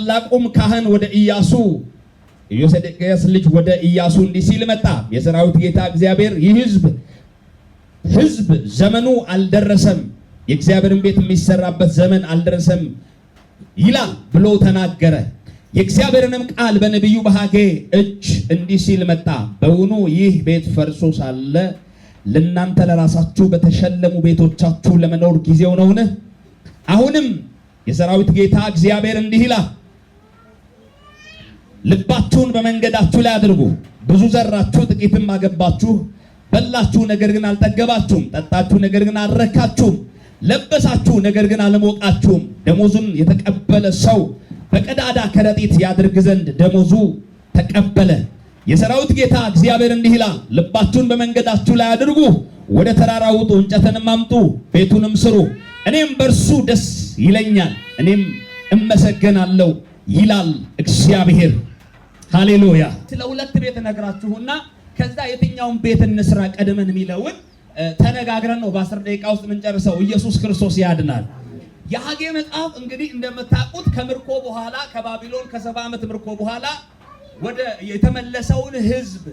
ታላቁም ካህን ወደ ኢያሱ ኢዮሴዴቅያስ ልጅ ወደ ኢያሱ እንዲህ ሲል መጣ። የሰራዊት ጌታ እግዚአብሔር ይህ ህዝብ ህዝብ ዘመኑ አልደረሰም፣ የእግዚአብሔርን ቤት የሚሰራበት ዘመን አልደረሰም ይላል ብሎ ተናገረ። የእግዚአብሔርንም ቃል በነቢዩ በሐጌ እጅ እንዲህ ሲል መጣ። በውኑ ይህ ቤት ፈርሶ ሳለ ለእናንተ ለራሳችሁ በተሸለሙ ቤቶቻችሁ ለመኖር ጊዜው ነውን? አሁንም የሰራዊት ጌታ እግዚአብሔር እንዲህ ይላል ልባችሁን በመንገዳችሁ ላይ አድርጉ። ብዙ ዘራችሁ፣ ጥቂትም አገባችሁ። በላችሁ፣ ነገር ግን አልጠገባችሁም። ጠጣችሁ፣ ነገር ግን አልረካችሁም። ለበሳችሁ፣ ነገር ግን አልሞቃችሁም። ደሞዙን የተቀበለ ሰው በቀዳዳ ከረጢት ያድርግ ዘንድ ደሞዙ ተቀበለ። የሰራዊት ጌታ እግዚአብሔር እንዲህ ይላል፣ ልባችሁን በመንገዳችሁ ላይ አድርጉ። ወደ ተራራ ውጡ፣ እንጨትንም አምጡ፣ ቤቱንም ስሩ። እኔም በእርሱ ደስ ይለኛል፣ እኔም እመሰገናለሁ ይላል እግዚአብሔር። ሃሌሉያ። ስለ ሁለት ቤት ነግራችሁና ከዛ የትኛውን ቤት እንስራ ቀድመን የሚለውን ተነጋግረን ነው በአስር ደቂቃ ውስጥ የምንጨርሰው። ኢየሱስ ክርስቶስ ያድናል። የሐጌ መጽሐፍ እንግዲህ እንደምታውቁት ከምርኮ በኋላ ከባቢሎን ከሰባ ዓመት ምርኮ በኋላ ወደ የተመለሰውን ህዝብ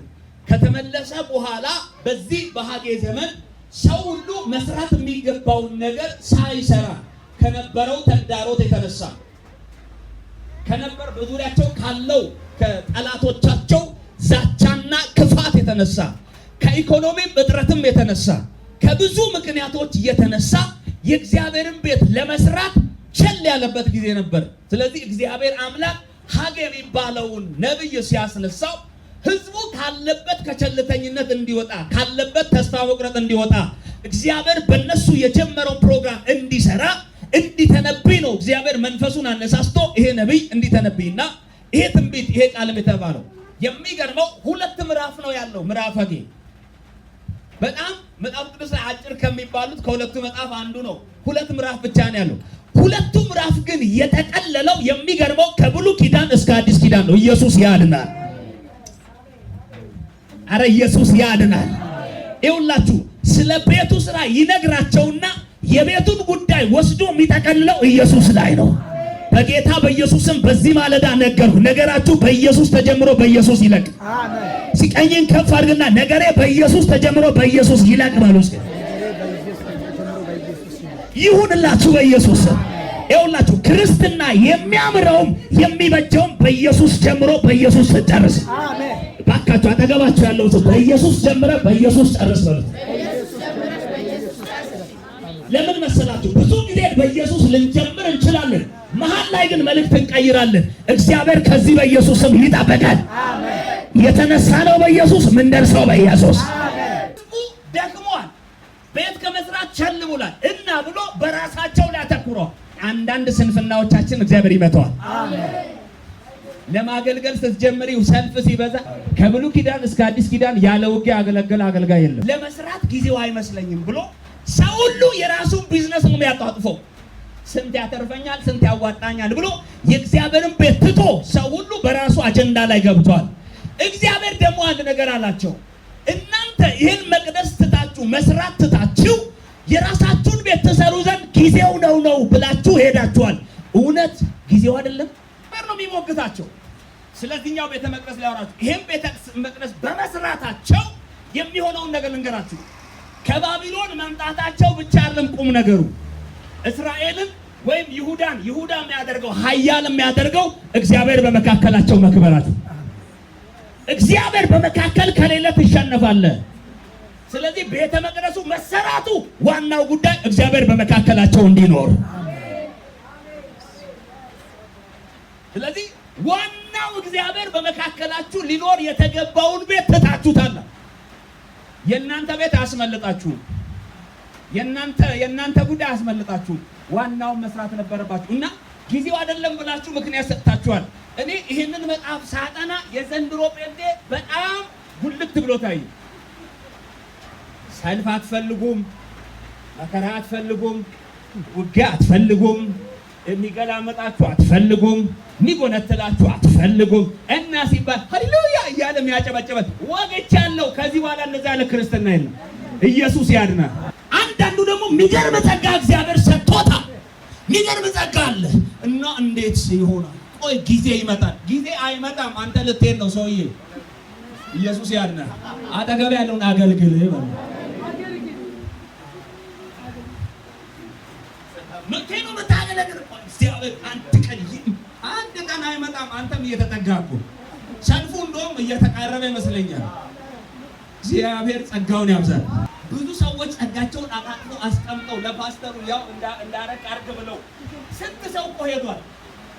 ከተመለሰ በኋላ በዚህ በሐጌ ዘመን ሰው ሁሉ መስራት የሚገባውን ነገር ሳይሰራ ከነበረው ተግዳሮት የተነሳ ከነበር በዙሪያቸው ካለው ከጠላቶቻቸው ዛቻና ክፋት የተነሳ ከኢኮኖሚም እጥረትም የተነሳ ከብዙ ምክንያቶች የተነሳ የእግዚአብሔርን ቤት ለመስራት ቸል ያለበት ጊዜ ነበር። ስለዚህ እግዚአብሔር አምላክ ሀጌ የሚባለውን ነቢይ ሲያስነሳው ህዝቡ ካለበት ከቸልተኝነት እንዲወጣ፣ ካለበት ተስፋ መቁረጥ እንዲወጣ፣ እግዚአብሔር በእነሱ የጀመረውን ፕሮግራም እንዲሰራ እግዚአብሔር መንፈሱን አነሳስቶ ይሄ ነቢይ እንዲተነብይና ይሄ ትንቢት ይሄ ቃልም የተባለው የሚገርመው ሁለት ምዕራፍ ነው ያለው። ምዕራፈ ጌ በጣም መጽሐፍ ቅዱስ ላይ አጭር ከሚባሉት ከሁለቱ መጽሐፍ አንዱ ነው። ሁለት ምዕራፍ ብቻ ነው ያለው። ሁለቱ ምዕራፍ ግን የተጠለለው የሚገርመው ከብሉ ኪዳን እስከ አዲስ ኪዳን ነው። ኢየሱስ ያድናል። አረ ኢየሱስ ያድናል። ይውላችሁ ስለ ቤቱ ስራ ይነግራቸውና የቤቱን ጉዳይ ወስዶ የሚጠቀልለው ኢየሱስ ላይ ነው። በጌታ በኢየሱስም በዚህ ማለዳ ነገርሁ። ነገራችሁ በኢየሱስ ተጀምሮ በኢየሱስ ይለቅ። ሲቀኝን ከፍ አድርግና ነገሬ በኢየሱስ ተጀምሮ በኢየሱስ ይለቅ በሉ። ይሁንላችሁ በኢየሱስ ይሁንላችሁ። ክርስትና የሚያምረውም የሚበጀውም በኢየሱስ ጀምሮ በኢየሱስ ጨርስ። ባካችሁ አጠገባችሁ ያለው በኢየሱስ ጀምረ በኢየሱስ ጨርስ በሉት። ለምን መሰላችሁ? ብዙ ጊዜ በኢየሱስ ልንጀምር እንችላለን። መሀል ላይ ግን መልእክት እንቀይራለን። እግዚአብሔር ከዚህ በኢየሱስ ስም ይጠብቃል። የተነሳ ነው በኢየሱስ ምን ደርሰው በኢየሱስ ደክሟል። ቤት ከመስራት ቸል ብሏል እና ብሎ በራሳቸው ላይ አተኩሮ አንዳንድ ስንፍናዎቻችን እግዚአብሔር ይመተዋል። ለማገልገል ስትጀምሪው ሰልፍ ሲበዛ ከብሉ ኪዳን እስከ አዲስ ኪዳን ያለ ውጊያ ያገለገለ አገልጋይ የለም። ለመስራት ጊዜው አይመስለኝም ብሎ ሰው ሁሉ የራሱን ቢዝነስ ነው የሚያጧጥፈው። ስንት ያተርፈኛል፣ ስንት ያዋጣኛል ብሎ የእግዚአብሔርን ቤት ትቶ ሰው ሁሉ በራሱ አጀንዳ ላይ ገብቷል። እግዚአብሔር ደግሞ አንድ ነገር አላቸው። እናንተ ይህን መቅደስ ትታችሁ መስራት ትታችሁ የራሳችሁን ቤት ትሰሩ ዘንድ ጊዜው ነው ነው ብላችሁ ሄዳችኋል። እውነት ጊዜው አይደለም ነው የሚሞግታቸው። ስለዚህኛው ቤተ መቅደስ ሊያወራችሁ ይህም ቤተ መቅደስ በመስራታቸው የሚሆነውን ነገር ልንገራችሁ። ከባቢሎን መምጣታቸው ብቻ አይደለም ቁም ነገሩ። እስራኤልን ወይም ይሁዳን ይሁዳ የሚያደርገው ኃያል የሚያደርገው እግዚአብሔር በመካከላቸው መክበራት። እግዚአብሔር በመካከል ከሌለ ትሸነፋለህ። ስለዚህ ቤተ መቅደሱ መሰራቱ ዋናው ጉዳይ እግዚአብሔር በመካከላቸው እንዲኖር። ስለዚህ ዋናው እግዚአብሔር በመካከላችሁ ሊኖር የተገባውን ቤት ትታችሁታላችሁ። የእናንተ ቤት አያስመልጣችሁም። የእናንተ የእናንተ ጉዳይ አያስመልጣችሁም። ዋናውን መስራት ነበረባችሁ እና ጊዜው አይደለም ብላችሁ ምክንያት ሰጥታችኋል። እኔ ይህንን መጽሐፍ ሳጠና የዘንድሮ ጴንጤ በጣም ጉልት ብሎ ታየ። ሰልፍ አትፈልጉም፣ መከራ አትፈልጉም፣ ውጊያ አትፈልጉም፣ የሚገላመጣችሁ አትፈልጉም፣ የሚጎነትላችሁ አያስፈልጉም እና ሲባል ሃሌሉያ እያለ ያጨበጨበት ወግቻለሁ። ከዚህ በኋላ እንደዛ ያለ ክርስትና የለም። ኢየሱስ ያድና አንዳንዱ ደግሞ የሚገርም ጸጋ እግዚአብሔር ሰጥቶታ የሚገርም ጸጋ አለ እና እንዴት ይሆናል? ቆይ ጊዜ ይመጣል። ጊዜ አይመጣም። አንተ ልትሄድ ነው ሰውዬ። ኢየሱስ ያድናል። አጠገብ ያለውን አገልግል መቼ ነው የምታገለግል? እግዚአብሔር አንድ ቀን ሰይጣን አይመጣም፣ አንተም እየተጠጋኩ ሰልፉ እንደውም እየተቃረበ ይመስለኛል። እግዚአብሔር ጸጋውን ያብዛል። ብዙ ሰዎች ጸጋቸውን አቃጥሎ አስቀምጠው ለፓስተሩ ያው እንዳረቅ አርግ ብለው ስንት ሰው እኮ ሄዷል።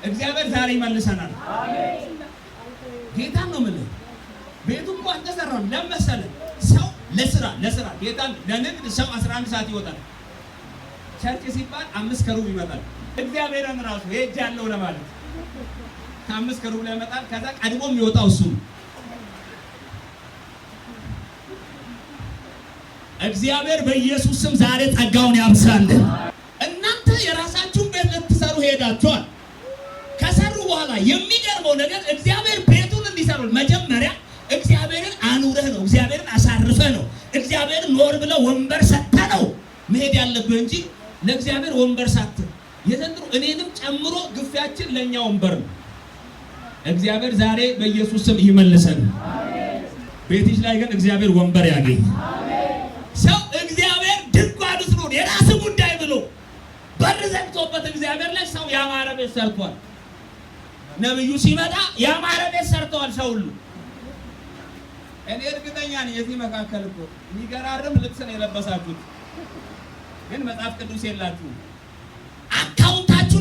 እግዚአብሔር ዛሬ ይመልሰናል። ጌታን ነው ምን ቤቱ እኮ አልተሰራም። ለመሰለ ሰው ለስራ ለስራ ጌታን ለንግድ ሰው 11 ሰዓት ይወጣል። ቸርች ሲባል አምስት ከሩብ ይመጣል። እግዚአብሔርን ራሱ ሄጃለሁ ለማለት ከአምስት ከሩብ ላይ ይመጣል። ከዛ ቀድሞ የሚወጣው እሱ እግዚአብሔር በኢየሱስ ስም ዛሬ ጸጋውን ያብዛል። እናንተ የራሳችሁን ቤት ልትሰሩ ሄዳችኋል። ከሰሩ በኋላ የሚገርመው ነገር እግዚአብሔር ቤቱን እንዲሰሩ መጀመሪያ እግዚአብሔርን አኑረህ ነው፣ እግዚአብሔርን አሳርፈህ ነው፣ እግዚአብሔርን ኖር ብለህ ወንበር ሰጥተህ ነው መሄድ ያለብህ እንጂ ለእግዚአብሔር ወንበር ሳትል የዘንድሮ እኔንም ጨምሮ ግፊያችን ለእኛ ወንበር ነው። እግዚአብሔር ዛሬ በኢየሱስ ስም ይመልሰን። ቤትሽ ላይ ግን እግዚአብሔር ወንበር ያገኝ። ሰው እግዚአብሔር ድንኳን ውስጥ ነው የራስ ጉዳይ ብሎ በር ዘግቶበት እግዚአብሔር ላይ ሰው ያማረ ቤት ሰርቷል። ነብዩ ሲመጣ ያማረ ቤት ሰርተዋል። ሰው ሁሉ እኔ እርግጠኛ ነኝ የዚህ መካከል እኮ የሚገራርም ልብስ ነው የለበሳችሁት፣ ግን መጽሐፍ ቅዱስ የላችሁም።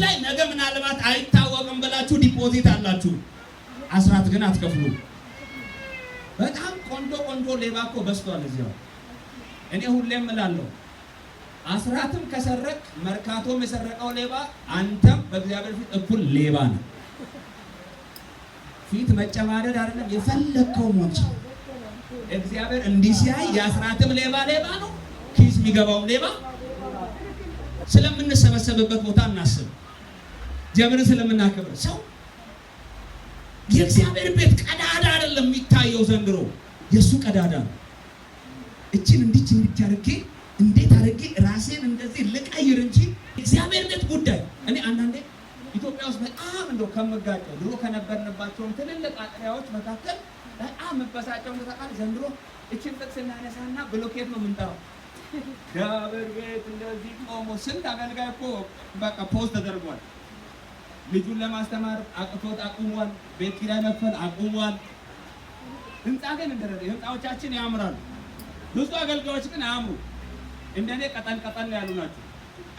ላይ ነገ ምናልባት አይታወቅም ብላችሁ ዲፖዚት አላችሁ፣ አስራት ግን አትከፍሉ። በጣም ቆንጆ ቆንጆ ሌባ እኮ በስቷል እዚያው። እኔ ሁሌም እላለሁ አስራትም ከሰረቅ መርካቶም የሰረቀው ሌባ አንተም በእግዚአብሔር ፊት እኩል ሌባ ነው። ፊት መጨማደድ አይደለም የፈለግከው ሞች እግዚአብሔር እንዲህ ሲያይ የአስራትም ሌባ ሌባ ነው፣ ኪስ የሚገባው ሌባ። ስለምንሰበሰብበት ቦታ እናስብ። እግዚአብሔርን ስለምናከብር ሰው የእግዚአብሔር ቤት ቀዳዳ አይደለም የሚታየው ዘንድሮ፣ የእሱ ቀዳዳ ነው። እችን እንዲች እንዲች አድርጌ እንዴት አድርጌ ራሴን እንደዚህ ልቀይር እንጂ እግዚአብሔር ቤት ጉዳይ እኔ አንዳንዴ ኢትዮጵያ ውስጥ በጣም እንደው ከምጋጨው ድሮ ከነበርንባቸውም ትልልቅ አጥሪያዎች መካከል በጣም መበሳጨው ተቃል ዘንድሮ እችን ጥቅስ እናነሳና ብሎኬት ነው የምንጠራው። እግዚአብሔር ቤት እንደዚህ ቆሞ ስንት አገልጋይ እኮ በቃ ፖዝ ተደርጓል። ልጁን ለማስተማር አቅቶት አቁሟል። ቤት ኪራይ መክፈል አቁሟል። ህንፃ ግን እንደረደ ህንፃዎቻችን ያምራሉ። ብዙ አገልጋዮች ግን አያምሩ። እንደኔ ቀጠን ቀጠን ያሉ ናቸው።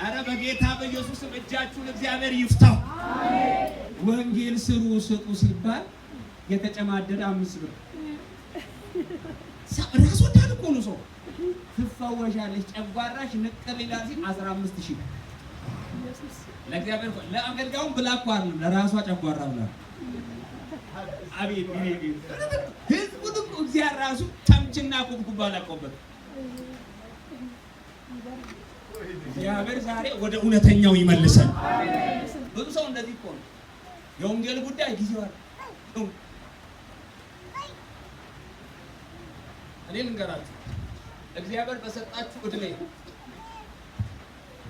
አረ በጌታ በኢየሱስም እጃችሁን እግዚአብሔር ይፍታው። ወንጌል ስሩ ስጡ ሲባል የተጨማደደ አምስት ብር ራስ ወዳድ እኮ ነው ሰው። ትፈወሻለሽ፣ ጨጓራሽ ንቅል ይላል ሲል አስራ አምስት ሺህ ለእግዚአብሔር ለአገልጋዩም ብላ አይደለም ለራሷ ጨጓራ ብላ። ህዝቡን እግዚአብሔር ራሱ ተምችና ኩብኩባ ላቀውበት። እግዚአብሔር ዛሬ ወደ እውነተኛው ይመልሰን። ብዙ ሰው እንደዚህ እኮ ነው። የወንጌል ጉዳይ ጊዜው አለ። እኔ ልንገራችሁ እግዚአብሔር በሰጣችሁ እድሜ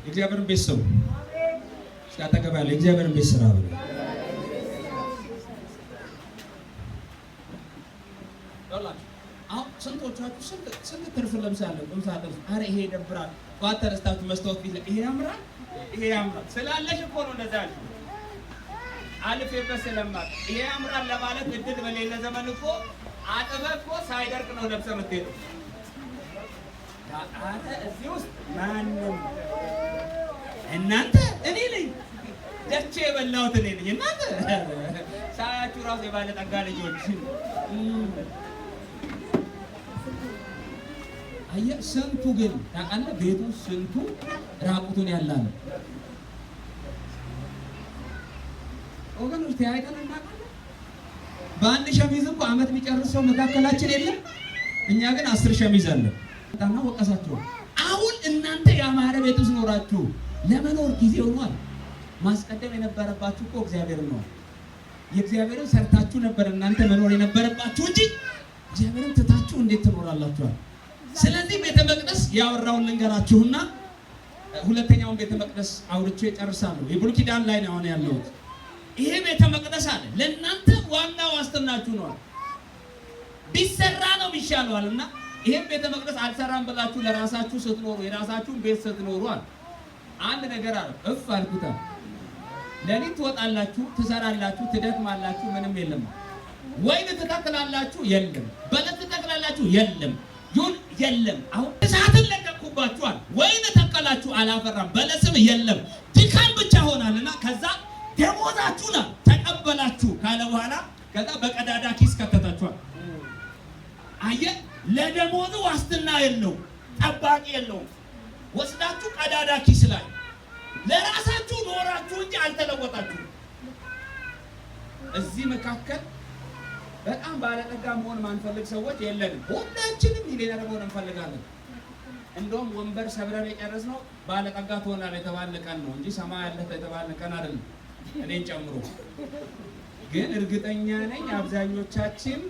እግዚአብሔርን ቤተሰቡ ያጠገባ ያለ እግዚአብሔርን ቤት ስራ ብሎ አሁን ስንቶቻችሁ ስንት ትርፍ ለምሳለን በምሳጠር አረ ይሄ ይደብራል። ጧት ተነስታችሁ መስታወት ፊት ይሄ ያምራል፣ ይሄ ያምራል ስላለሽ እኮ ነው እንደዛ ያልሽው። አልፌበት ስለማቅ ይሄ ያምራል ለማለት እድል በሌለ ዘመን እኮ አጥበህ እኮ ሳይደርቅ ነው ለብሰህ የምትሄደው። እዚህ ውስጥ ማንም እናንተ እኔ ነኝ ደቼ የበላሁት እኔ ነኝ። እናንተ ሳያችሁ ራሱ የባለ ጠጋ ልጆች አየ ስንቱ ግን ታቃለ ቤቱ ስንቱ ራቁቱን ያላ ነው ወገኖች ተያይተን እናቃለ። በአንድ ሸሚዝ እኮ አመት የሚጨርስ ሰው መካከላችን የለም። እኛ ግን አስር ሸሚዝ አለ። ጣና ወቀሳቸው። አሁን እናንተ የአማረ ቤት ውስጥ ኖራችሁ ለመኖር ጊዜ ሆኗል። ማስቀደም የነበረባችሁ እኮ እግዚአብሔር ነው። የእግዚአብሔርን ሰርታችሁ ነበር እናንተ መኖር የነበረባችሁ እንጂ እግዚአብሔርን ትታችሁ እንዴት ትኖራላችኋል? ስለዚህ ቤተ መቅደስ ያወራውን ልንገራችሁና ሁለተኛውን ቤተ መቅደስ አውርቼ እጨርሳለሁ። የብሉይ ኪዳን ላይ ነው አሁን ያለሁት። ይሄ ቤተ መቅደስ አለ ለእናንተ ዋና ዋስትናችሁ ነው። ቢሰራ ነው ይሻለዋል እና ይሄን ቤተ መቅደስ አልሰራም ብላችሁ ለራሳችሁ ስትኖሩ የራሳችሁን ቤት ስትኖሩ አለ አንድ ነገር አለ። እፍ አልኩታ። ለሊት ትወጣላችሁ፣ ትሰራላችሁ፣ ትደክማላችሁ፣ ምንም የለም። ወይን ትተክላላችሁ፣ የለም። በለስ ትተክላላችሁ፣ የለም። ይሁን የለም። አሁን እሳትን ለቀኩባችኋል። ወይን ተከላችሁ፣ አላፈራም። በለስም የለም። ድካም ብቻ ሆናልና ከዛ ደሞዛችሁ ተቀበላችሁ ካለ በኋላ ከዛ በቀዳዳ ኪስ ከተታችኋል። አየ ለደሞዙ ዋስትና የለው፣ ጠባቂ የለውም። ወስዳችሁ ቀዳዳ ኪስ ላይ ለራሳችሁ ኖራችሁ እንጂ አልተለወጣችሁ። እዚህ መካከል በጣም ባለጠጋ መሆን ማንፈልግ ሰዎች የለንም። ሁላችንም ሚሊዮነር መሆን እንፈልጋለን። እንደውም ወንበር ሰብረን የጨረስነው ባለጠጋ ትሆናለህ የተባለ ቀን ነው እንጂ ሰማ ያለ የተባለ ቀን አይደለም፣ እኔን ጨምሮ። ግን እርግጠኛ ነኝ አብዛኞቻችን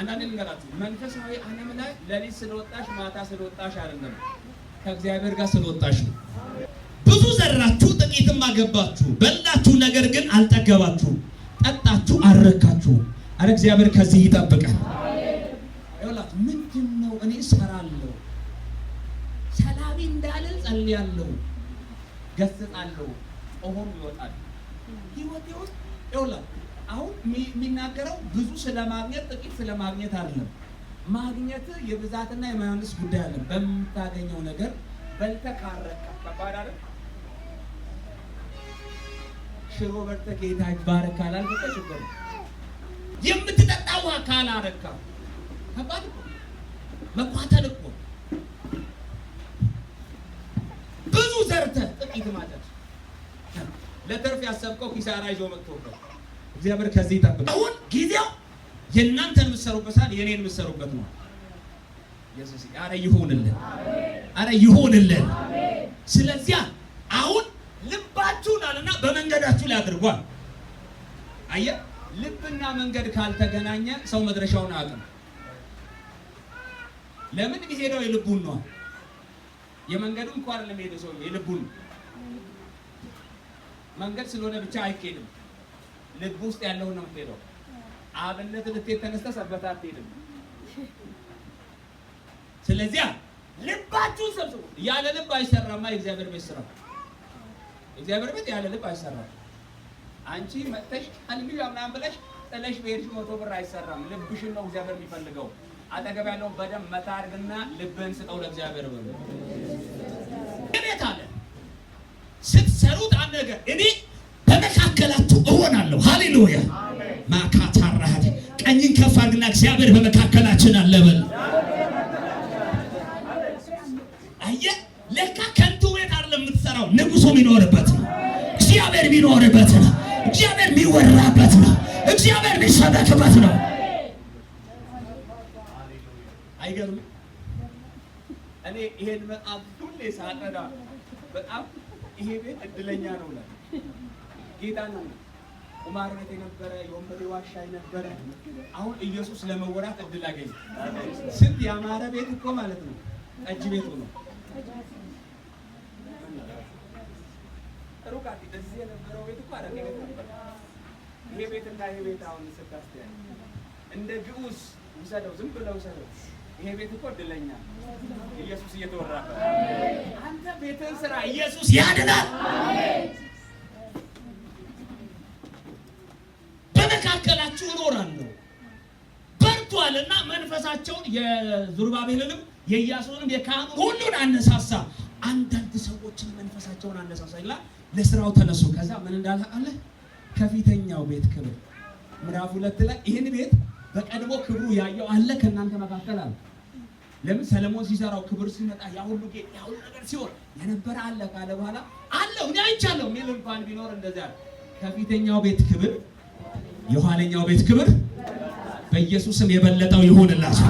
አንዳንድ ልንገራችሁ፣ መንፈሳዊ ዓለም ላይ ለሊት ስለወጣሽ ማታ ስለወጣሽ አይደለም፣ ከእግዚአብሔር ጋር ስለወጣሽ ነው። ብዙ ዘራችሁ፣ ጥቂትም አገባችሁ፣ በላችሁ፣ ነገር ግን አልጠገባችሁ፣ ጠጣችሁ፣ አረካችሁ አረ እግዚአብሔር ከዚህ ይጠብቃል። ይላችሁ ምንድን ነው? እኔ እሰራለሁ፣ ሰላቢ እንዳልል ጸልያለሁ፣ ገስጻለሁ፣ ጾም ይወጣል ህይወቴ ውስጥ ይውላል አሁን የሚናገረው ብዙ ስለማግኘት ጥቂት ስለማግኘት አይደለም። ማግኘት የብዛትና የማያንስ ጉዳይ አለ። በምታገኘው ነገር በልተህ ካረካ ከባድ አለ። ሽሮ በልተህ ጌታ ካላል በቃ ችግር የምትጠጣው አካል አረካ ከባድ እኮ መቋተል እኮ ብዙ ዘርተ ጥቂት ማለት ለተርፍ ያሰብከው ኪሳራ ይዞ መጥቶበት እግዚአብሔር ከዚህ ይጠብቅ። አሁን ጊዜው የእናንተን የምትሰሩበት የኔ የእኔን የምትሰሩበት ነው። ኢየሱስ አረ ይሁንልን፣ አረ ይሁንልን። ስለዚያ አሁን ልባችሁን አለና በመንገዳችሁ ላይ አድርጓል። አየ ልብና መንገድ ካልተገናኘ ሰው መድረሻውን አቅም ለምን የሚሄደው የልቡን ነው። የመንገዱን እንኳን ለመሄደው ሰው የልቡን መንገድ ስለሆነ ብቻ አይኬድም። ልብ ውስጥ ያለውን ነው የምትሄደው። አብነት ልትሄድ ተነስተህ ሰበታ አትሄድም። ስለዚያ ልባችሁን ሰብስቡ። ያለ ልብ አይሰራማ የእግዚአብሔር ቤት ስራ። እግዚአብሔር ቤት ያለ ልብ አይሰራም። አንቺ መጥተሽ አልሚ ምናምን ብለሽ ጥለሽ በሄድሽ መቶ ብር አይሰራም። ልብሽን ነው እግዚአብሔር የሚፈልገው። አጠገብ ያለውን በደንብ መታ አድርግና ልብህን ስጠው ለእግዚአብሔር ብሎ ቤት አለ ስትሰሩት አንድ ነገር እኔ በመካከላችሁ እሆናለሁ። ሃሌሉያ ማካታ ቀኝን ከፍ አድርግና እግዚአብሔር በመካከላችን አለ በል። አየህ ለካ ከንቱ ቤት አይደለም የምትሰራው፣ ንጉሱ የሚኖርበት ነው። እግዚአብሔር የሚኖርበት ነው። እግዚአብሔር የሚወራበት ነው። እግዚአብሔር የሚሰበክበት ነው። አይገርም? እኔ ይሄን መጽሐፍ ሁሌ ሳጠና በጣም ይሄ ቤት እድለኛ ነው ላል ቁማር ቁማርነት የነበረ የወንበዴ ዋሻ የነበረ አሁን ኢየሱስ ለመወራት እድል አገኘ። ስንት ያማረ ቤት እኮ ማለት ነው። ጠጅ ቤቱ ነው። ሩቃት እዚህ የነበረው ቤት እኮ ቤት ነበር። ይሄ ቤት አሁን ስታስተያይ እንደ ግዑስ ውሰደው፣ ዝም ብለው ውሰደው። ይሄ ቤት እኮ እድለኛ ኢየሱስ እየተወራ አንተ ቤትን ስራ ኢየሱስ ያድናል። በውስጣችሁ እኖራለሁ በርቷልና መንፈሳቸውን የዙርባቤልንም የኢያሱንም የካህኑ ሁሉን አነሳሳ። አንዳንድ ሰዎችን መንፈሳቸውን አነሳሳ ይላል። ለስራው ተነሱ። ከዛ ምን እንዳለ አለ ከፊተኛው ቤት ክብር ምዕራፍ ሁለት ላይ ይህን ቤት በቀድሞ ክብሩ ያየው አለ ከእናንተ መካከል አለ። ለምን ሰለሞን ሲሰራው ክብር ሲመጣ ያ ሁሉ ጌጥ ያ ሁሉ ነገር ሲሆን የነበረ አለ ካለ በኋላ አለው እኔ አይቻለሁ የሚል እንኳን ቢኖር እንደዚያ ከፊተኛው ቤት ክብር የኋለኛው ቤት ክብር በኢየሱስም የበለጠው ይሁንላችሁ።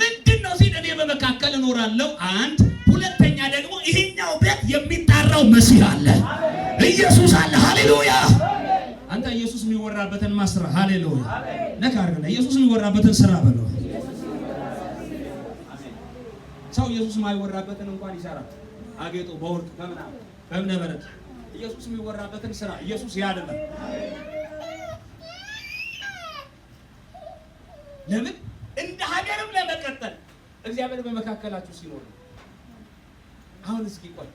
ምንድን ነው ሲል እኔ በመካከል እኖራለሁ። አንድ ሁለተኛ ደግሞ ይሄኛው ቤት የሚጣራው መሲህ አለ፣ ኢየሱስ አለ። ሃሌሉያ! አንተ ኢየሱስ የሚወራበትን ማስራ ሃሌሉያ! ነካ አድርገና ኢየሱስ የሚወራበትን ስራ በለው። ሰው ኢየሱስ የማይወራበትን እንኳን ይሰራል። አጌጦ በወርቅ በምናምን በእምነበረድ ኢየሱስ የሚወራበትን ስራ ኢየሱስ ያደለም። ለምን እንደ ሀገርም ለመቀጠል እግዚአብሔር በመካከላችሁ ሲኖር ነው። አሁን እስኪ ቆይ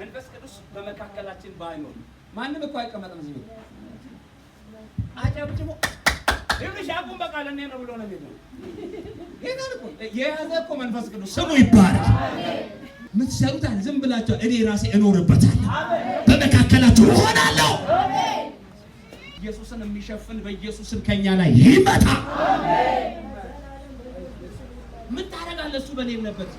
መንፈስ ቅዱስ በመካከላችን ባይኖር ማንም እኮ አይቀመጥም። እዚህ ቤት አጨብጭቦ ይኸውልሽ አቁም በቃ ነው ብሎ ነው የሚለው። የያዘ እኮ መንፈስ ቅዱስ ስሙ ይባላል። የምትሰሩት ዝም ብላችሁ እኔ ራሴ እኖርበታለሁ፣ በመካከላችሁ እሆናለሁ። ኢየሱስን የሚሸፍን በኢየሱስን ከኛ ላይ ይመጣ። ምን ታደርጋለህ? እሱ በሌለበት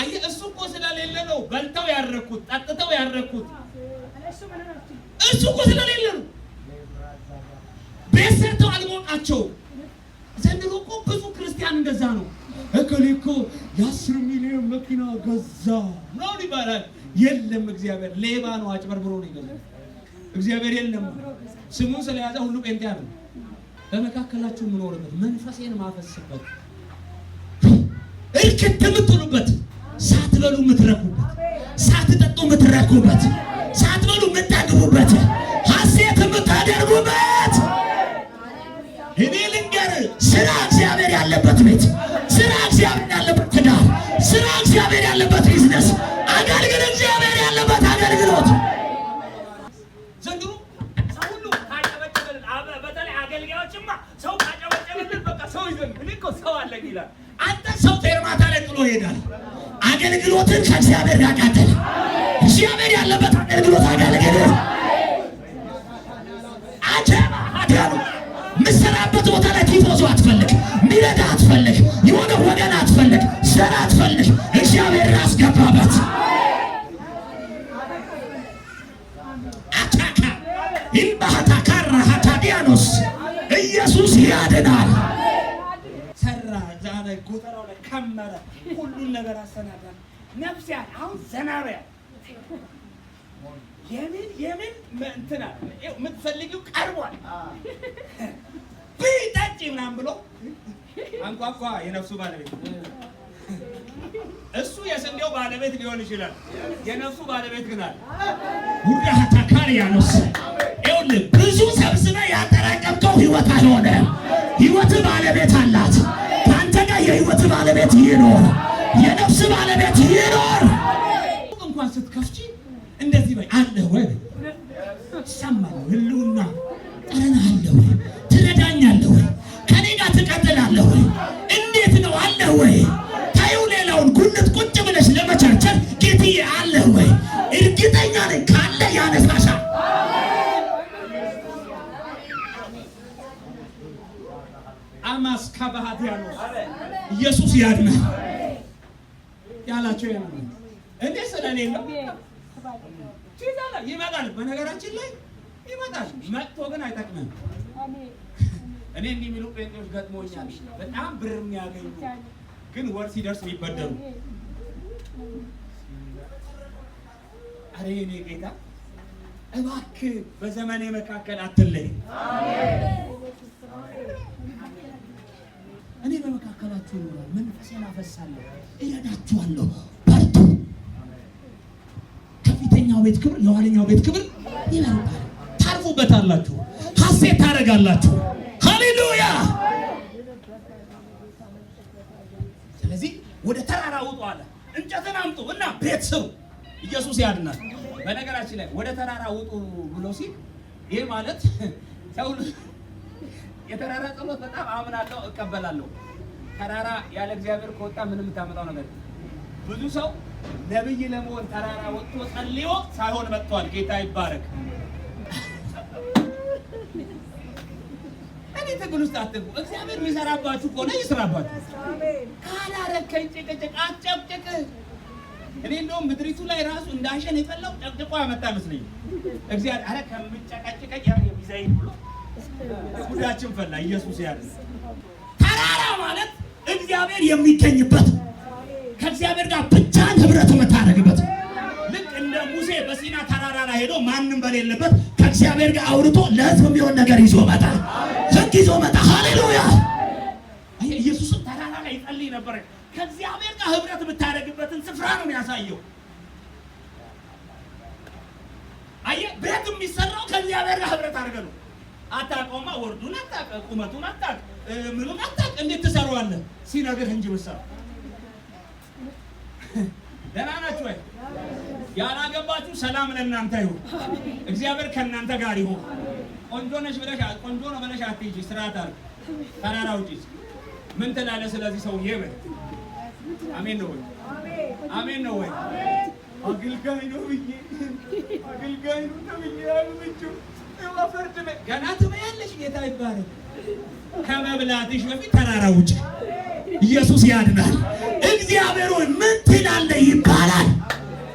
አየህ። እሱ እኮ ስለሌለ ነው በልተው ያረኩት፣ ጠጥተው ያረኩት። እሱ እኮ ስለሌለ ነው። ቤት ሰርተው አልሞቃቸው። ዘንድሮ እኮ ብዙ ክርስቲያን እንደዛ ነው። እገሌ እኮ የአስር ሚሊዮን መኪና ገዛ ምናምን ይባላል። የለም እግዚአብሔር ሌባ ነው፣ አጭበርብሮ ነው ይገዛ። እግዚአብሔር የለም ስሙን ስለያዘ ሁሉ ጴንጤ ነው። በመካከላችሁ የምኖርበት መንፈሴን ማፈስበት እርክት የምትሉበት ሳትበሉ የምትረኩበት ሳትጠጡ የምትረኩበት ሳትበሉ የምታድሩበት ሀሴት የምታደርጉበት እኔ ልንገር ስራ እግዚአብሔር ያለበት ቤት እግዚአብሔር ያለበት ቢዝነስ አገልግል፣ እግዚአብሔር ያለበት አገልግሎት ሰው አንተ ሰው ፌርማታ ላይ ጥሎ ይሄዳል። አገልግሎትን ከእግዚአብሔር ጋር ቀጥል። እግዚአብሔር ያለበት አገልግሎት አገልግል። አጀባ አዳሉ ምሰራበት ቦታ ላይ ቲፎዞ አትፈልግ፣ ሚረዳ አትፈልግ፣ የሆነ ወገን አትፈልግ፣ ዘር አትፈልግ ገባበት። አታካ ኢምባህታካራ ሀታዲያኖስ ኢየሱስ ያድናል። ሰራ፣ ዛረ፣ ጎተራው ላይ ከመረ፣ ሁሉን ነገር አሰናዳ። ነፍስ አሁን ዘና የምን የምን እንትና የምትፈልጊው ቀርቧል ብይ ጠጪ ምናምን ብሎ አንኳኳ የነፍሱ ባለቤት እሱ የስንዴው ባለቤት ሊሆን ይችላል፣ የነፍሱ ባለቤት ግን አለ ውዳ ተካል ያነሱ ይኸውልህ፣ ብዙ ሰብስበህ ያጠራቀምከው ህይወት አልሆነ። ህይወት ባለቤት አላት። ከአንተ ጋር የህይወት ባለቤት ይኖር፣ የነፍስ ባለቤት ይኖር። እንኳን ስትከፍቺ እንደዚህ በይ አለ ወይ ሰማ ህልውና አትያኖስ ኢየሱስ ያድነህ ያላቸው ያለ እኔ ስለሌለው ይመጣል። በነገራችን ላይ ይመጣል። መጥቶ ግን አይጠቅምም። እኔ እንዲህ የሚሉ ጴንጤዎች ገጥሞኛል። በጣም ብር የሚያገኙ ግን ወር ሲደርስ የሚበደሩ አረ እኔ ጌታ እባክህ በዘመኔ መካከል አትለይ። እኔ በመካከላችሁ ይኖራል፣ መንፈሴን አፈሳለሁ፣ እረዳችኋለሁ። በርቱ። ከፊተኛው ቤት ክብር የኋለኛው ቤት ክብር ይበልጣል። ታርፉበታላችሁ፣ ሀሴት ታደርጋላችሁ። ሀሌሉያ ስለዚህ ወደ ተራራ ውጡ አለ። እንጨትን አምጡ እና ቤት ስሩ። ኢየሱስ ያድናል። በነገራችን ላይ ወደ ተራራ ውጡ ብሎ ሲል ይህ ማለት ሰው የተራራ ጸሎት በጣም አምናለሁ፣ እቀበላለሁ። ተራራ ያለ እግዚአብሔር ከወጣ ምንም የምታመጣው ነገር ብዙ ሰው ነብይ ለመሆን ተራራ ወጥቶ ጸልዮ ሳይሆን መጥቷል። ጌታ ይባረክ። እኔ ትግል ውስጥ አትግቡ። እግዚአብሔር የሚሰራባችሁ ከሆነ ይስራባችሁ። ካላረከኝ ጭቅጭቅ አትጨቅጭቅ። እኔ እንደውም ምድሪቱ ላይ ራሱ እንዳሸን የፈለው ጨቅጭቆ ያመጣ ይመስለኝ እግዚአብሔር አረ ከምጨቀጭቀኝ ያ ብሎ ጉዳችን ፈላ። ኢየሱስ ያለ ተራራ ማለት እግዚአብሔር የሚገኝበት ከእግዚአብሔር ጋር ብቻን ህብረት የምታደርግበት ልክ እንደ ሙሴ በሲና ተራራ ላይ ሄዶ ማንም በሌለበት ከእግዚአብሔር ጋር አውርቶ ለህዝብ የሚሆን ነገር ይዞ መጣ። ህግ ይዞ መጣ። ሃሌሉያ። ኢየሱስም ተራራ ላይ ይጸልይ ነበር። ከእግዚአብሔር ጋር ህብረት የምታደርግበትን ስፍራ ነው የሚያሳየው። አየህ፣ ቤት የሚሰራው ከእግዚአብሔር ጋር ህብረት አድርገህ ነው። አታውቀውማ። ወርዱን አታውቅ፣ ቁመቱን አታውቅ፣ ምኑን አታውቅ። እንዴት ትሰራዋለህ? ሲነግርህ እንጂ ምሰራ። ደህና ናችሁ ወይ? ያላገባችሁ ሰላም ለእናንተ ይሁን። እግዚአብሔር ከእናንተ ጋር ይሁን። ቆንጆ ነሽ ብለሽ ቆንጆ ነው ብለሽ አትሂጂ። ስርዓት አለ ተራራ ውጪ ምን ትላለህ? ስለዚህ ሰውዬ በል አሜን ነው ወይ? አሜን ነው ወይ? አገልጋይ ነው ብዬ አገልጋይ ነው ተብዬ ምንጭ በፍርድ ቤት ገና ትበያለሽ። ጌታ ይባረክ። ከመብላትሽ በፊት ተራራ ውጭ ኢየሱስ ያድናል። እግዚአብሔር ሆይ ምን ትላለህ ይባላል።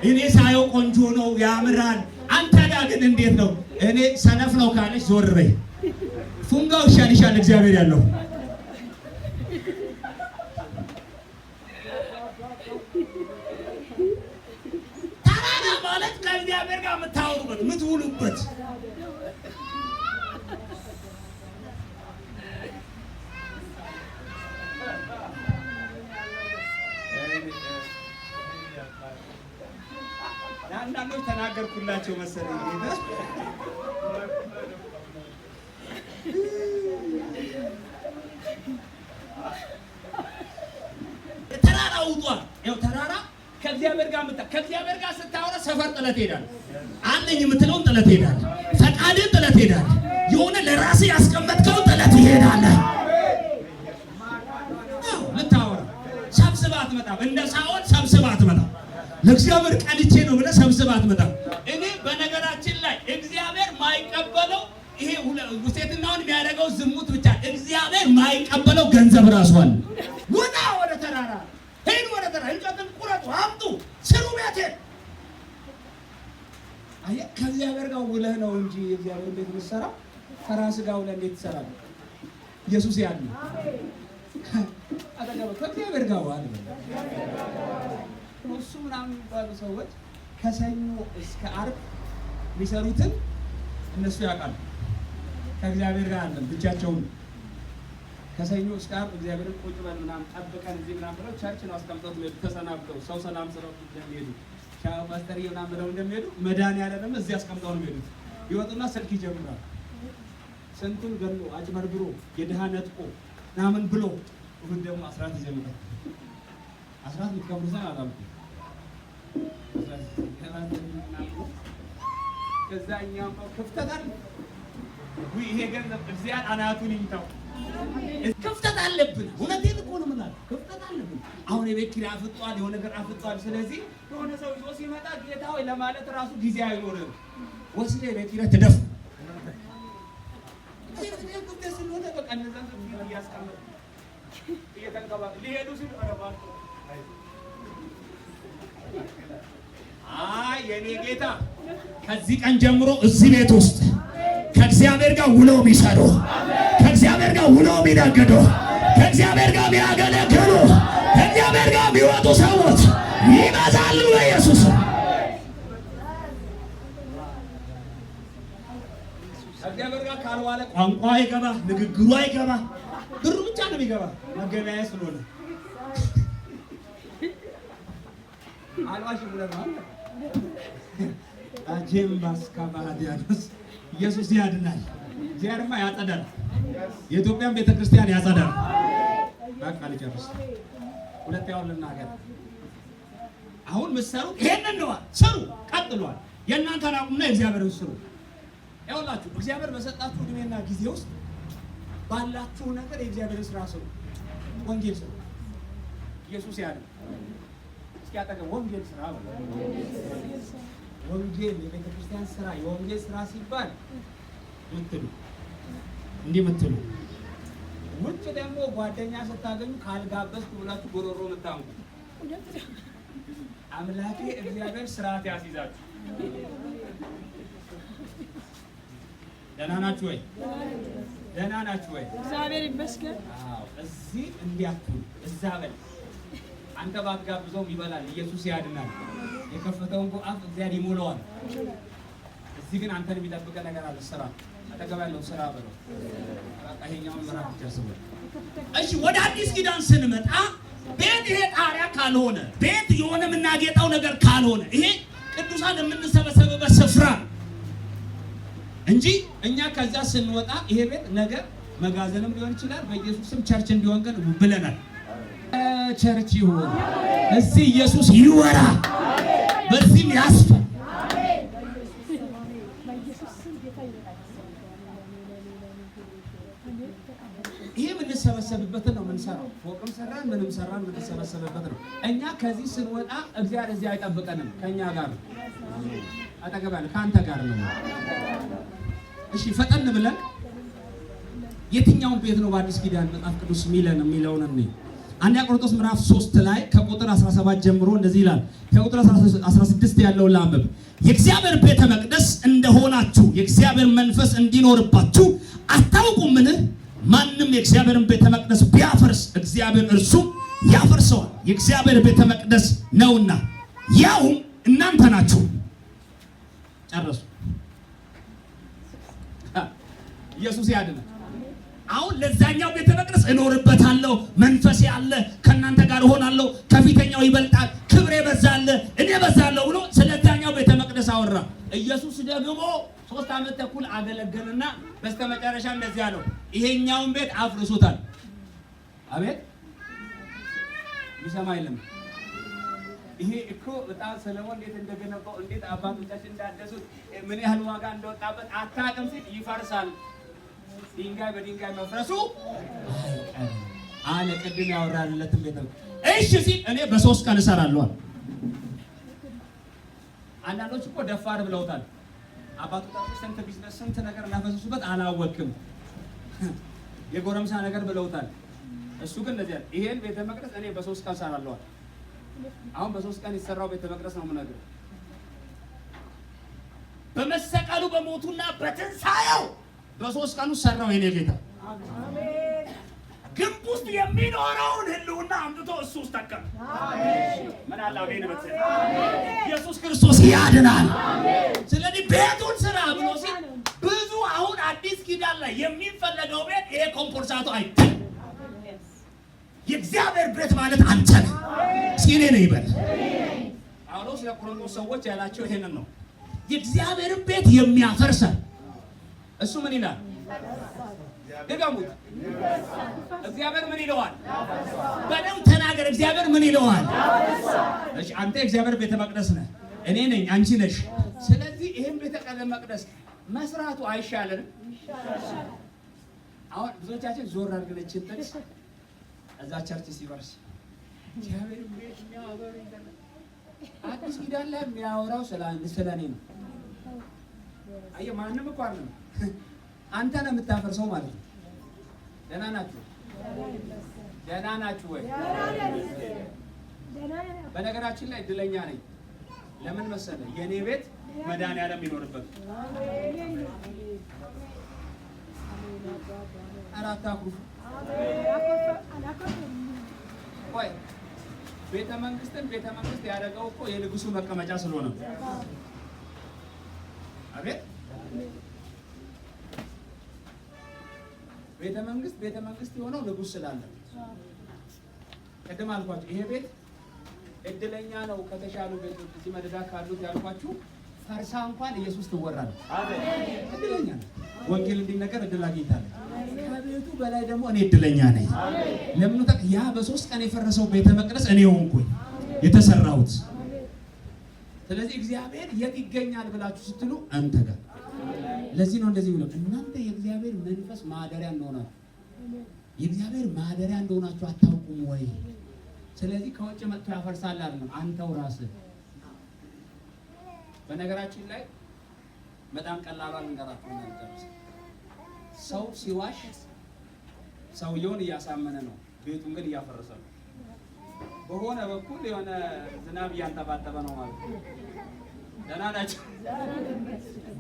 እኔ ሳየው ቆንጆ ነው ያምራል። አንተ ጋር ግን እንዴት ነው? እኔ ሰነፍ ነው ካለች ዞር በይ። ፉንጋው ይሻልሻል። እግዚአብሔር ያለው ተራራ ማለት ከእግዚአብሔር ጋር የምታወሩበት የምትውሉበት ለአንዳንዶች ተናገርኩላቸው መሰለኝ። ተራራ ውጧል። ያው ተራራ ከእግዚአብሔር ጋር ምታ ከእግዚአብሔር ጋር ስታወራ ሰፈር ጥለት ሄዳል። አለኝ የምትለውን ጥለት ሄዳል። ፈቃድን ጥለት ሄዳል። የሆነ ለራስህ ያስቀመጥከውን ጥለት ይሄዳል። ልታወራ ሰብስባ አትመጣም። እንደ ሳኦል ሰብስባ አትመጣም። ለእግዚአብሔር ቀንቼ ነው ብለህ ሰብስብ አትመጣም። እኔ በነገራችን ላይ እግዚአብሔር ማይቀበለው ይሄ ውሴትናውን የሚያደርገው ዝሙት ብቻ እግዚአብሔር ማይቀበለው ገንዘብ ራሷል። ውጣ ወደ ተራራ ሄድ፣ ወደ ተራራ እንጨትን ቁረጡ፣ አምጡ፣ ስሩ አየ ከእግዚአብሔር ጋር ውለህ ነው እንጂ እግዚአብሔር ቤት ምሰራ ከራስ ጋር ውለህ እንዴት ትሰራለህ? ኢየሱስ ያሉ አጠገበ ከእግዚአብሔር ጋር ዋል እሱ ምናምን የሚባሉ ሰዎች ከሰኞ እስከ አርብ የሚሰሩትን እነሱ ያውቃሉ። ከእግዚአብሔር ጋር አለን ብቻቸውን ከሰኞ እስከ እግዚአብሔርን ቁጭ ምናምን ጠብቀን እዚህ ምናምን ብለው ቸርች ነው አስቀምጠው ተሰናብተው ሰው ሰላም ስለው እንደሚሄዱ ፓስተር ምናምን ብለው እንደሚሄዱ እዚህ አስቀምጠው ነው የሚሄዱት። ይወጡና ስልክ ይጀምራል። ስንቱን ገሎ አጭበርብሮ የድሃ ነጥቆ ምናምን ብሎ ደግሞ አስራት ይጀምራል። አስራት አላልኩም ከዛኛው ክፍተት አለ። ይሄ ገንዘብ እግዚአብሔር አናቱን ይምታው። ክፍተት አለብን። እውነቴን እኮ ነው የምልህ፣ ክፍተት አለብን። አሁን የቤት ኪራይ አፍጧል፣ የሆነ ነገር አፍጧል። ስለዚህ የሆነ ሰው ይዞ ሲመጣ ጌታ ሆይ ለማለት ራሱ ጊዜ አይኖርም። ወስደህ የቤት ኪራይ ትደፉ ሊሄዱ ሲሉ አይ የኔ ጌታ ከዚህ ቀን ጀምሮ እዚህ ቤት ውስጥ ከእግዚአብሔር ጋር ውሎ የሚሰሩ ከእግዚአብሔር ጋር ውሎ የሚነግዱ ከእግዚአብሔር ጋር የሚያገለግሉ ከእግዚአብሔር ጋር የሚወጡ ሰዎች ይበዛሉ በኢየሱስ ከእግዚአብሔር ጋር ካልዋለ ቋንቋ አይገባ፣ ንግግሩ አይገባ፣ ብሩ ብቻ ነው የሚገባ መገበያያ ስለሆነ አጄም ባስካ ባህዲያኖስ ኢየሱስ ያድናል። እግዚአብሔርማ ያጸዳል። የኢትዮጵያን ቤተክርስቲያን ያጸዳል። በቃ ልጨርስ። ሁለተኛውን ልናገር። አሁን ምሰሩት ይሄንን ነው። ስሩ፣ ቀጥሏል። የእናንተን አቁምና የእግዚአብሔርን ስሩ። ያውላችሁ እግዚአብሔር በሰጣችሁ እድሜና ጊዜ ውስጥ ባላችሁ ነገር የእግዚአብሔርን ስራ ስሩ፣ ወንጌል ስሩ። ኢየሱስ ያድናል። እስኪ አጠገብ ወንጌል ስራ ወንጌል የቤተ ክርስቲያን ስራ የወንጌል ስራ ሲባል ምትሉ እንዲህ ምትሉ ውጭ ደግሞ ጓደኛ ስታገኙ ካልጋበዝኩ ብላችሁ ጎሮሮ የምታምቁ አምላኬ እግዚአብሔር ስርዓት ያስይዛችሁ። ደህና ናችሁ ወይ? ደህና ናችሁ ወይ? እግዚአብሔር ይመስገን። እዚህ እንዲያትሉ እዛ በል አንተ ባትጋብዘውም ይበላል። ኢየሱስ ያድናል። የከፈተውን አፍ እግዚአብሔር ይሞላዋል። እዚህ ግን አንተን የሚጠብቀ ነገር አለ። ስራ አጠገብ ያለው ስራ በለው። ይሄኛውን ምዕራፍ ይደርስበት። እሺ፣ ወደ አዲስ ኪዳን ስንመጣ ቤት ይሄ ጣሪያ ካልሆነ ቤት የሆነ የምናጌጠው ነገር ካልሆነ ይሄ ቅዱሳን የምንሰበሰብበት ስፍራ እንጂ እኛ ከዛ ስንወጣ ይሄ ቤት ነገር መጋዘንም ሊሆን ይችላል። በኢየሱስም ቸርች እንዲሆን ግን ብለናል። ቸርች ይሁን። እዚህ ኢየሱስ ይወራ፣ በዚህም ያስፈ ይህ የምንሰበሰብበትን ነው የምንሰራው። ፎቅም ሰራን ምንም ሰራን የምንሰበሰብበት ነው። እኛ ከዚህ ስንወጣ እግዚአብሔር እዚህ አይጠብቀንም፣ ከእኛ ጋር ከአንተ ጋር ነው። እሺ ፈጠን ብለን የትኛውን ቤት ነው በአዲስ ኪዳን መጽሐፍ ቅዱስ ሚለን የሚለውን አንደኛ ቆሮንቶስ ምዕራፍ 3 ላይ ከቁጥር 17 ጀምሮ እንደዚህ ይላል። ከቁጥር 16 ያለው ላንብብ። የእግዚአብሔር ቤተ መቅደስ እንደሆናችሁ የእግዚአብሔር መንፈስ እንዲኖርባችሁ አታውቁምን? ማንም የእግዚአብሔርን ቤተ መቅደስ ቢያፈርስ እግዚአብሔር እርሱ ያፈርሰዋል። የእግዚአብሔር ቤተ መቅደስ ነውና ያውም እናንተ ናችሁ። ጨረሱ። ኢየሱስ ያድናል። አሁን ለዛኛው ቤተ መቅደስ እኖርበታለሁ፣ መንፈሴ አለ፣ ከእናንተ ጋር እሆናለሁ፣ ከፊተኛው ይበልጣል፣ ክብሬ በዛለ፣ እኔ በዛለሁ ብሎ ስለዛኛው ቤተ መቅደስ አወራ። ኢየሱስ ደግሞ ሶስት ዓመት ተኩል አገለገልና በስተመጨረሻ እንደዚህ አለው፣ ይሄኛውን ቤት አፍርሱታል። አቤት ይሰማ የለም። ይሄ እኮ በጣም ሰለሞን እንዴት እንደገነባው እንዴት አባቶቻችን እንዳደሱት ምን ያህል ዋጋ እንደወጣበት አታውቅም ሲል ይፈርሳል ድንጋይ በድንጋይ መፍረሱ አይቀርም አለ። ቅድም ያወራለትም ቤተ እሺ ሲል እኔ በሶስት ቀን እሰራለሁ። አንዳንዶች እኮ ደፋር ብለውታል። አባቶቻችን ስንት ቢዝነስ ስንት ነገር እናፈሰሱበት አላወቅም የጎረምሳ ነገር ብለውታል። እሱ ግን እንደዚህ ይሄን ቤተ መቅደስ እኔ በሶስት ቀን እሰራለሁ። አሁን በሶስት ቀን የተሰራው ቤተ መቅደስ ነው የምነግርህ በመሰቀሉ በሞቱና በትንሳኤው በሶስት ቀኑ ሰራው የኔ ጌታ ግንብ ውስጥ የሚኖረውን ህልውና አምጥቶ እሱ ውስጥ ተከለ። ምን አላው ይሄን በትል ኢየሱስ ክርስቶስ ያድናል። ስለዚህ ቤቱን ስራ ብሎ ሲል ብዙ አሁን አዲስ ኪዳን ላይ የሚፈለገው ቤት ይሄ ኮምፖርሳቶ አይደል። የእግዚአብሔር ቤት ማለት አንተ ነህ፣ ሲኔ ነው ይበል። ጳውሎስ ለቆሮንቶስ ሰዎች ያላቸው ይሄንን ነው። የእግዚአብሔርን ቤት የሚያፈርሰ እሱ ምን ይላል? ድገሙት። እግዚአብሔር ምን ይለዋል? በደምብ ተናገር። እግዚአብሔር ምን ይለዋል? እሺ፣ አንተ እግዚአብሔር ቤተ መቅደስ ነህ፣ እኔ ነኝ፣ አንቺ ነሽ። ስለዚህ ይህም ቤተ መቅደስ መስራቱ አይሻለንም? አሁን ብዙዎቻችን ዞር አድርገነች እንትን እዛ ቸርች ሲበርስ እግዚአብሔር ቤት የሚያወሩ አዲስ ኪዳን ላይ የሚያወራው ስለ እኔ ነው። አየህ፣ ማንም እኮ አይደለም አንተ ነው የምታፈርሰው ማለት ነው። ደህና ናችሁ? ደህና ናችሁ ወይ? በነገራችን ላይ እድለኛ ነኝ። ለምን መሰለ የእኔ ቤት መድኃኒዓለም ይኖርበት። ኧረ አታኩርፍ። ቆይ ቤተ መንግስትን ቤተ መንግስት ያደረገው እኮ የንጉሱ መቀመጫ ስለሆነ አቤት ቤተ መንግስት ቤተ መንግስት የሆነው ንጉስ ስላለ ቅድም አልኳችሁ ይሄ ቤት እድለኛ ነው። ከተሻሉ ቤቶች እዚህ መደዳት ካሉት ያልኳችሁ ፈርሳ እንኳን ኢየሱስ ትወራለች። እድለኛ ነው። ወንጌል እንዲነገር እድል አግኝታለች። ከቤቱ በላይ ደግሞ እኔ እድለኛ ነኝ። ለምኑ ያ በሶስት ቀን የፈረሰው ቤተ መቅደስ እኔ ሆንኩኝ የተሰራሁት። ስለዚህ እግዚአብሔር የት ይገኛል ብላችሁ ስትሉ አንተ ጋር። ለዚህ ነው እንደዚህ ብሎ እናንተ የእግዚአብሔር መንፈስ ማደሪያ እንደሆናችሁ የእግዚአብሔር ማደሪያ እንደሆናችሁ አታውቁም ወይ? ስለዚህ ከውጭ መጥቶ ያፈርሳል አይደለም፣ አንተው ራስህ። በነገራችን ላይ በጣም ቀላሉ አልንገራችሁ ሰው ሲዋሽ ሰውየውን እያሳመነ ነው፣ ቤቱን ግን እያፈረሰ ነው። በሆነ በኩል የሆነ ዝናብ እያንጠባጠበ ነው ማለት ነው። ደህና ናቸው